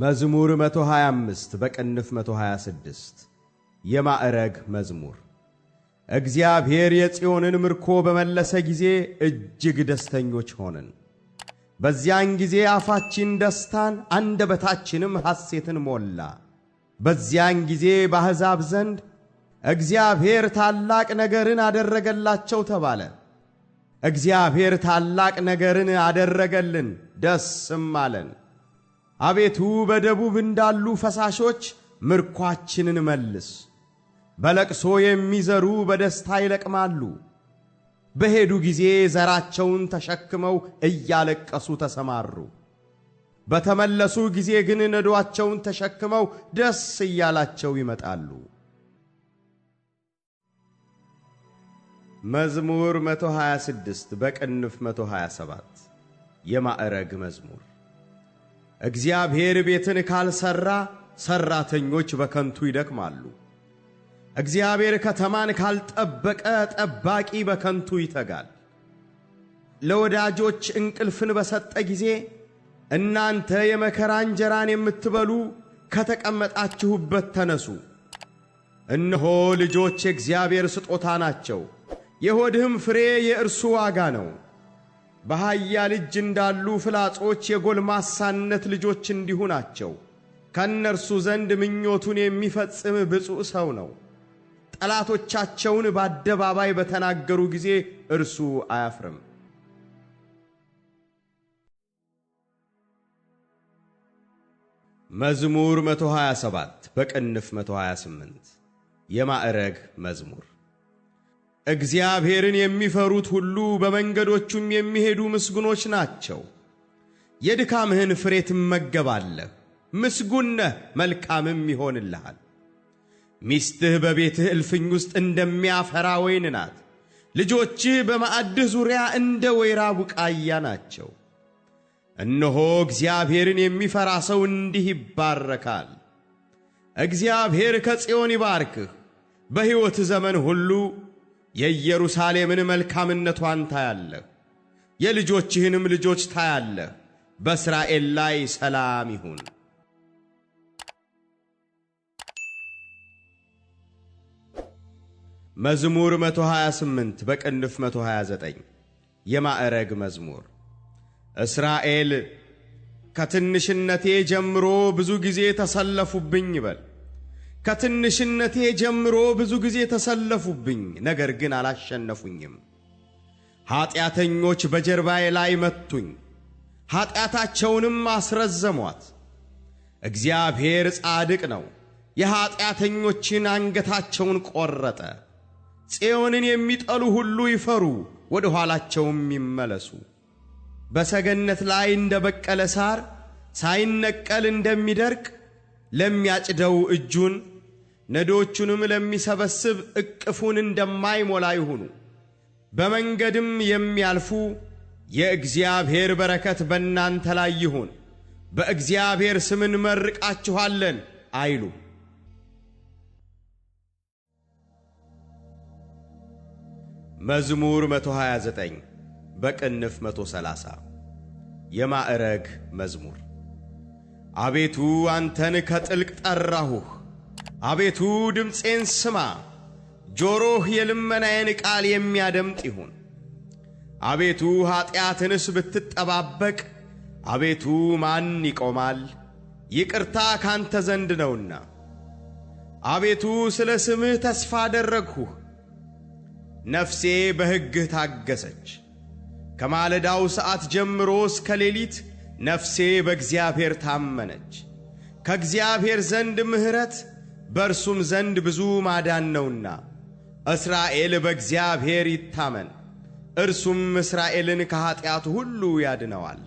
መዝሙር 125 በቅንፍ 126 የማዕረግ መዝሙር። እግዚአብሔር የጽዮንን ምርኮ በመለሰ ጊዜ እጅግ ደስተኞች ሆንን። በዚያን ጊዜ አፋችን ደስታን አንደበታችንም ሐሴትን ሞላ። በዚያን ጊዜ በአሕዛብ ዘንድ እግዚአብሔር ታላቅ ነገርን አደረገላቸው ተባለ። እግዚአብሔር ታላቅ ነገርን አደረገልን፣ ደስም አለን። አቤቱ በደቡብ እንዳሉ ፈሳሾች ምርኳችንን መልስ። በለቅሶ የሚዘሩ በደስታ ይለቅማሉ። በሄዱ ጊዜ ዘራቸውን ተሸክመው እያለቀሱ ተሰማሩ። በተመለሱ ጊዜ ግን ነዶአቸውን ተሸክመው ደስ እያላቸው ይመጣሉ። መዝሙር 126 በቅንፍ 127 የማዕረግ መዝሙር እግዚአብሔር ቤትን ካልሠራ ሠራተኞች በከንቱ ይደክማሉ። እግዚአብሔር ከተማን ካልጠበቀ ጠባቂ በከንቱ ይተጋል። ለወዳጆች እንቅልፍን በሰጠ ጊዜ እናንተ የመከራ እንጀራን የምትበሉ ከተቀመጣችሁበት ተነሱ። እነሆ ልጆች የእግዚአብሔር ስጦታ ናቸው፣ የሆድህም ፍሬ የእርሱ ዋጋ ነው። በሃያ ልጅ እንዳሉ ፍላጾች የጎልማሳነት ልጆች እንዲሁ ናቸው። ከእነርሱ ዘንድ ምኞቱን የሚፈጽም ብፁዕ ሰው ነው። ጠላቶቻቸውን በአደባባይ በተናገሩ ጊዜ እርሱ አያፍርም። መዝሙር 127 በቅንፍ 128 የማዕረግ መዝሙር እግዚአብሔርን የሚፈሩት ሁሉ በመንገዶቹም የሚሄዱ ምስጉኖች ናቸው። የድካምህን ፍሬ ትመገባለህ፣ ምስጉን ነህ፣ መልካምም ይሆንልሃል። ሚስትህ በቤትህ እልፍኝ ውስጥ እንደሚያፈራ ወይን ናት። ልጆችህ በማዕድህ ዙሪያ እንደ ወይራ ቡቃያ ናቸው። እነሆ እግዚአብሔርን የሚፈራ ሰው እንዲህ ይባረካል። እግዚአብሔር ከጽዮን ይባርክህ በሕይወትህ ዘመን ሁሉ የኢየሩሳሌምን መልካምነቷን ታያለህ፣ የልጆችህንም ልጆች ታያለህ። በእስራኤል ላይ ሰላም ይሁን። መዝሙር 128 በቅንፍ 129 የማዕረግ መዝሙር። እስራኤል ከትንሽነቴ ጀምሮ ብዙ ጊዜ ተሰለፉብኝ ይበል። ከትንሽነቴ ጀምሮ ብዙ ጊዜ ተሰለፉብኝ፣ ነገር ግን አላሸነፉኝም። ኀጢአተኞች በጀርባዬ ላይ መቱኝ፣ ኀጢአታቸውንም አስረዘሟት። እግዚአብሔር ጻድቅ ነው፣ የኀጢአተኞችን አንገታቸውን ቈረጠ። ጽዮንን የሚጠሉ ሁሉ ይፈሩ፣ ወደ ኋላቸውም ይመለሱ። በሰገነት ላይ እንደ በቀለ ሳር ሳይነቀል እንደሚደርቅ ለሚያጭደው እጁን ነዶቹንም ለሚሰበስብ እቅፉን እንደማይሞላ ይሁኑ። በመንገድም የሚያልፉ የእግዚአብሔር በረከት በእናንተ ላይ ይሁን፣ በእግዚአብሔር ስም እንመርቃችኋለን አይሉ። መዝሙር 129 በቅንፍ 130 የማዕረግ መዝሙር አቤቱ አንተን ከጥልቅ ጠራሁህ አቤቱ ድምፄን ስማ፣ ጆሮህ የልመናዬን ቃል የሚያደምጥ ይሁን። አቤቱ ኀጢአትንስ ብትጠባበቅ፣ አቤቱ ማን ይቆማል? ይቅርታ ካንተ ዘንድ ነውና። አቤቱ ስለ ስምህ ተስፋ አደረግሁህ፣ ነፍሴ በሕግህ ታገሰች። ከማለዳው ሰዓት ጀምሮ እስከ ሌሊት ነፍሴ በእግዚአብሔር ታመነች። ከእግዚአብሔር ዘንድ ምሕረት በእርሱም ዘንድ ብዙ ማዳን ነውና። እስራኤል በእግዚአብሔር ይታመን፣ እርሱም እስራኤልን ከኀጢአቱ ሁሉ ያድነዋል።